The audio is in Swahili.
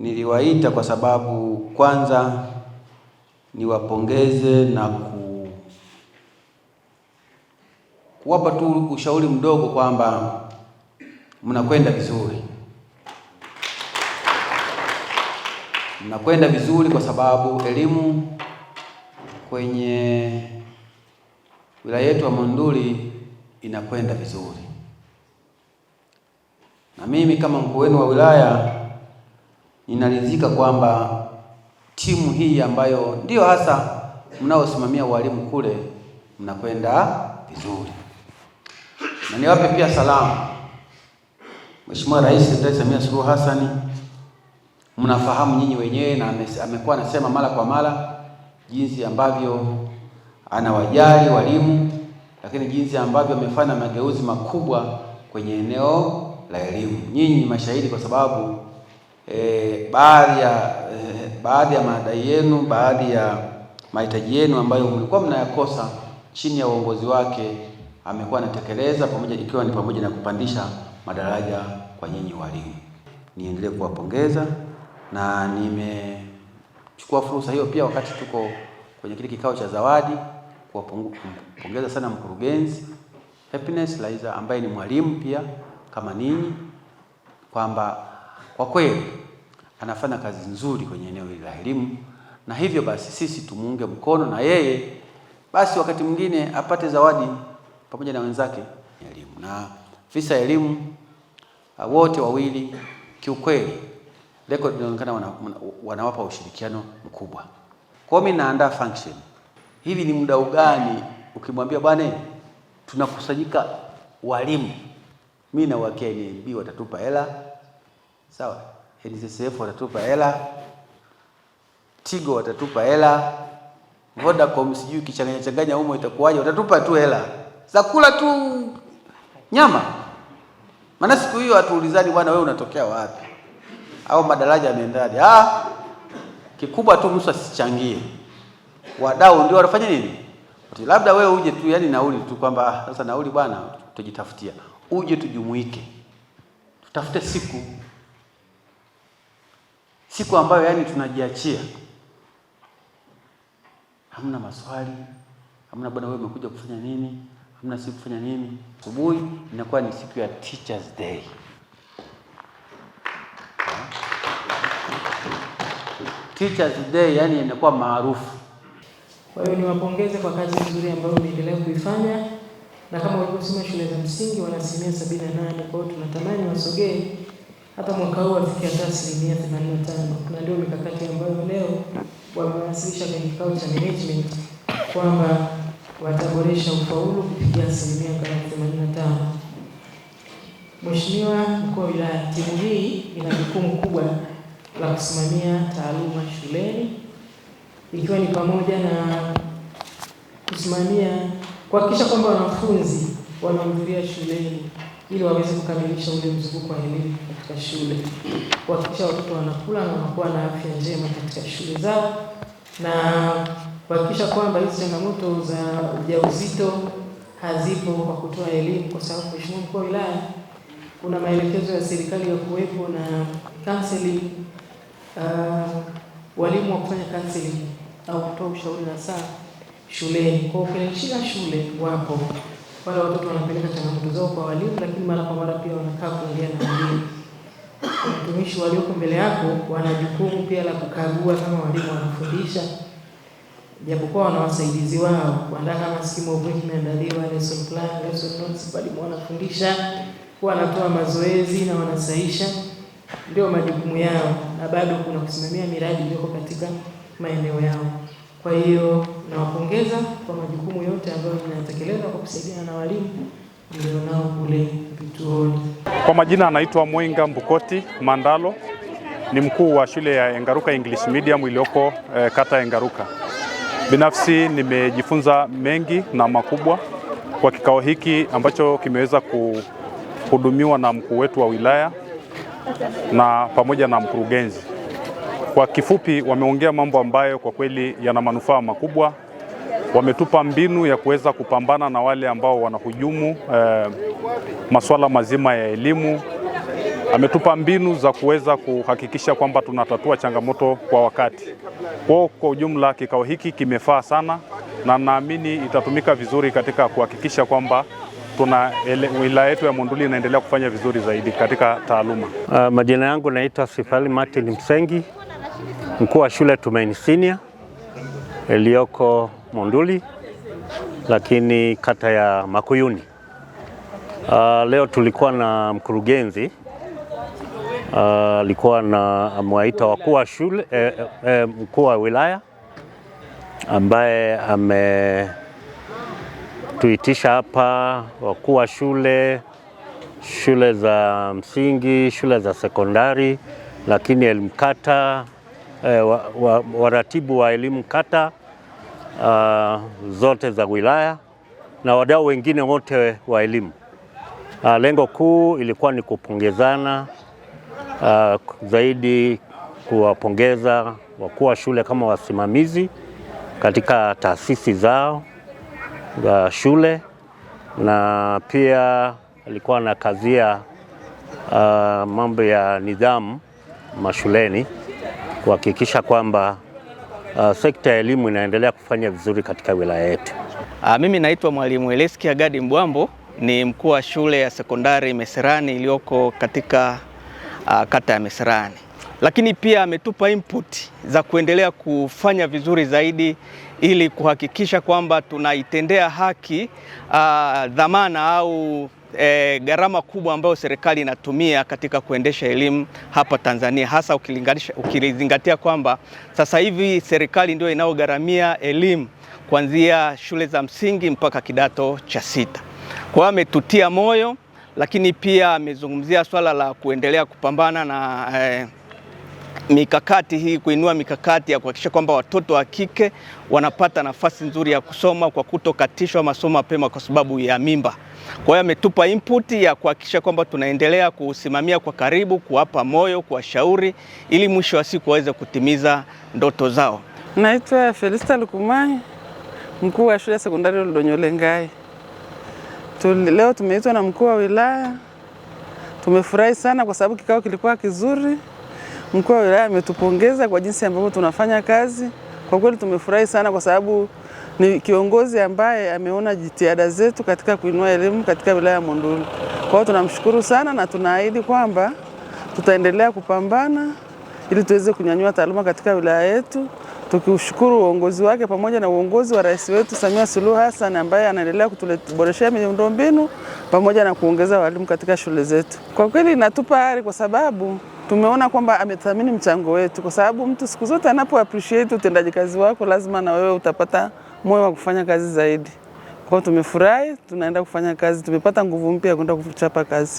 Niliwaita kwa sababu kwanza niwapongeze na ku, kuwapa tu ushauri mdogo kwamba mnakwenda vizuri, mnakwenda vizuri kwa sababu elimu kwenye wilaya yetu ya Monduli inakwenda vizuri, na mimi kama mkuu wenu wa wilaya ninaridhika kwamba timu hii ambayo ndiyo hasa mnaosimamia walimu kule mnakwenda vizuri. Na niwape pia salamu Mheshimiwa Rais Daktari Samia Suluhu Hassan, mnafahamu nyinyi wenyewe, na amekuwa anasema mara kwa mara jinsi ambavyo anawajali walimu, lakini jinsi ambavyo amefanya mageuzi makubwa kwenye eneo la elimu. Nyinyi mashahidi kwa sababu Eh, baadhi ya eh, baadhi ya madai yenu, baadhi ya mahitaji yenu ambayo mlikuwa mnayakosa chini ya uongozi wake amekuwa anatekeleza pamoja, ikiwa ni pamoja na kupandisha madaraja kwa nyinyi walimu. Niendelee kuwapongeza na nimechukua fursa hiyo pia wakati tuko kwenye kile kikao cha zawadi kuwapongeza sana mkurugenzi Happiness Laizer ambaye ni mwalimu pia kama ninyi, kwamba kwa kweli anafanya kazi nzuri kwenye eneo hili la elimu, na hivyo basi sisi tumuunge mkono na yeye basi wakati mwingine apate zawadi pamoja na wenzake elimu. Na visa elimu ah, wote wawili kiukweli, rekodi inaonekana wanawapa wana, ushirikiano mkubwa. Kwa mimi naandaa function hivi, ni muda ugani Ukimwambia bwana, tunakusanyika walimu, mimi na wakia NMB watatupa hela sawa NSSF watatupa hela, Tigo watatupa hela, Vodacom sijui kichanganya changanya humo itakuwaje, watatupa tu hela za kula tu nyama. Maana siku hiyo hatuulizani, bwana wewe unatokea wapi au madaraja yameendaje? Ah, kikubwa tu mtu asichangie, wadau ndio wanafanya nini, labda wewe uje tu, yani nauli tu kwamba ah, sasa nauli bwana tujitafutia, uje tujumuike, tutafute siku siku ambayo yani tunajiachia, hamna maswali, hamna bwana, wewe umekuja kufanya nini, hamna siku kufanya nini. Asubuhi inakuwa ni siku ya Teachers Day. Teachers Day yani inakuwa maarufu. Kwa hiyo niwapongeze kwa kazi nzuri ambayo umeendelea kuifanya, na kama walivyosema shule za msingi wanaasilimia asilimia sabini na nane. Kwa hiyo tunatamani wasogee hata mwaka huu afikia hata asilimia 85, na ndio mikakati ambayo leo wamewasilisha kwenye kikao cha management kwamba wataboresha ufaulu kufikia asilimia 85. Mheshimiwa mkuu wa wilaya, timu hii ina jukumu kubwa la kusimamia taaluma shuleni ikiwa ni pamoja na kusimamia kuhakikisha kwamba wanafunzi wanahudhuria shuleni ili waweze kukamilisha ule mzunguko wa elimu katika shule, kuhakikisha watoto wanakula na wanakuwa na afya njema katika shule zao, na kuhakikisha kwamba hizi changamoto za ujauzito hazipo kwa kutoa elimu, kwa sababu Mheshimiwa Mkuu wa Wilaya, kuna maelekezo ya serikali ya kuwepo na counseling, uh, walimu wa kufanya counseling au kutoa ushauri na saa shuleni kwa kila shule wapo wale watoto wanapeleka changamoto zao kwa walimu, lakini mara kwa mara pia wanakaa kuongea na walimu. Watumishi walioko mbele yako wana jukumu pia la kukagua kama walimu wanafundisha, japokuwa wana wasaidizi wao kuandaa kama scheme of work imeandaliwa, lesson plan, lesson notes, walimu wanafundisha, wanatoa mazoezi na wanasaisha, ndio majukumu yao, na bado kuna kusimamia miradi iliyoko katika maeneo yao. Kwa hiyo nawapongeza kwa majukumu yote ambayo inatekeleza kwa kusaidiana na walimu mlionao kule vituoni. Kwa majina anaitwa Mwenga Mbukoti Mandalo, ni mkuu wa shule ya Engaruka English Medium iliyoko eh, kata ya Engaruka. Binafsi nimejifunza mengi na makubwa kwa kikao hiki ambacho kimeweza kuhudumiwa na mkuu wetu wa wilaya na pamoja na mkurugenzi. Kwa kifupi, wameongea mambo ambayo kwa kweli yana manufaa makubwa. Wametupa mbinu ya kuweza kupambana na wale ambao wanahujumu eh, masuala mazima ya elimu. Ametupa mbinu za kuweza kuhakikisha kwamba tunatatua changamoto kwa wakati. Kwa kwa ujumla, kikao hiki kimefaa sana na naamini itatumika vizuri katika kuhakikisha kwamba tuna wilaya yetu ya Monduli inaendelea kufanya vizuri zaidi katika taaluma. Uh, majina yangu naitwa Sifali Martin Msengi mkuu wa shule Tumaini Senior iliyoko Monduli, lakini kata ya Makuyuni. Uh, leo tulikuwa na mkurugenzi ah, alikuwa uh, na amewaita wakuu wa shule eh, eh, mkuu wa wilaya ambaye ametuitisha hapa wakuu wa shule shule za msingi, shule za sekondari, lakini elimkata Eh, waratibu wa, wa elimu kata uh, zote za wilaya na wadau wengine wote wa elimu. Uh, lengo kuu ilikuwa ni kupongezana uh, zaidi kuwapongeza wakuu wa shule kama wasimamizi katika taasisi zao za shule, na pia alikuwa na kazia uh, mambo ya nidhamu mashuleni kuhakikisha kwamba uh, sekta ya elimu inaendelea kufanya vizuri katika wilaya yetu. Uh, mimi naitwa Mwalimu Eleski Agadi Mbwambo ni mkuu wa shule ya sekondari Meserani iliyoko katika uh, kata ya Meserani, lakini pia ametupa input za kuendelea kufanya vizuri zaidi ili kuhakikisha kwamba tunaitendea haki uh, dhamana au E, gharama kubwa ambayo serikali inatumia katika kuendesha elimu hapa Tanzania hasa ukilinganisha ukizingatia kwamba sasa hivi serikali ndio inaogharamia elimu kuanzia shule za msingi mpaka kidato cha sita. Kwa hiyo ametutia moyo, lakini pia amezungumzia swala la kuendelea kupambana na e, mikakati hii, kuinua mikakati ya kuhakikisha kwamba watoto wa kike wanapata nafasi nzuri ya kusoma kwa kutokatishwa masomo mapema kwa sababu ya mimba. Kwa hiyo ametupa input ya kuhakikisha kwamba tunaendelea kusimamia kwa karibu, kuwapa moyo, kuwashauri ili mwisho wa siku waweze kutimiza ndoto zao. Naitwa Felista Lukumai, mkuu wa shule ya sekondari Ludonyolengai. Leo tumeitwa na mkuu wa wilaya, tumefurahi sana kwa sababu kikao kilikuwa kizuri. Mkuu wa wilaya ametupongeza kwa jinsi ambavyo tunafanya kazi. Kwa kweli tumefurahi sana, kwa sababu ni kiongozi ambaye ameona jitihada zetu katika kuinua elimu katika wilaya ya Monduli. Kwa hiyo tunamshukuru sana na tunaahidi kwamba tutaendelea kupambana ili tuweze kunyanyua taaluma katika wilaya yetu, tukiushukuru uongozi wake pamoja na uongozi wa rais wetu Samia Suluhu Hassan ambaye anaendelea kutuboreshea miundombinu pamoja na kuongeza walimu katika shule zetu. Kwa kweli inatupa ari kwa sababu tumeona kwamba amethamini mchango wetu, kwa sababu mtu siku zote anapo appreciate utendaji kazi wako, lazima na wewe utapata moyo wa kufanya kazi zaidi. Kwa hiyo tumefurahi, tunaenda kufanya kazi, tumepata nguvu mpya kwenda kuchapa kazi.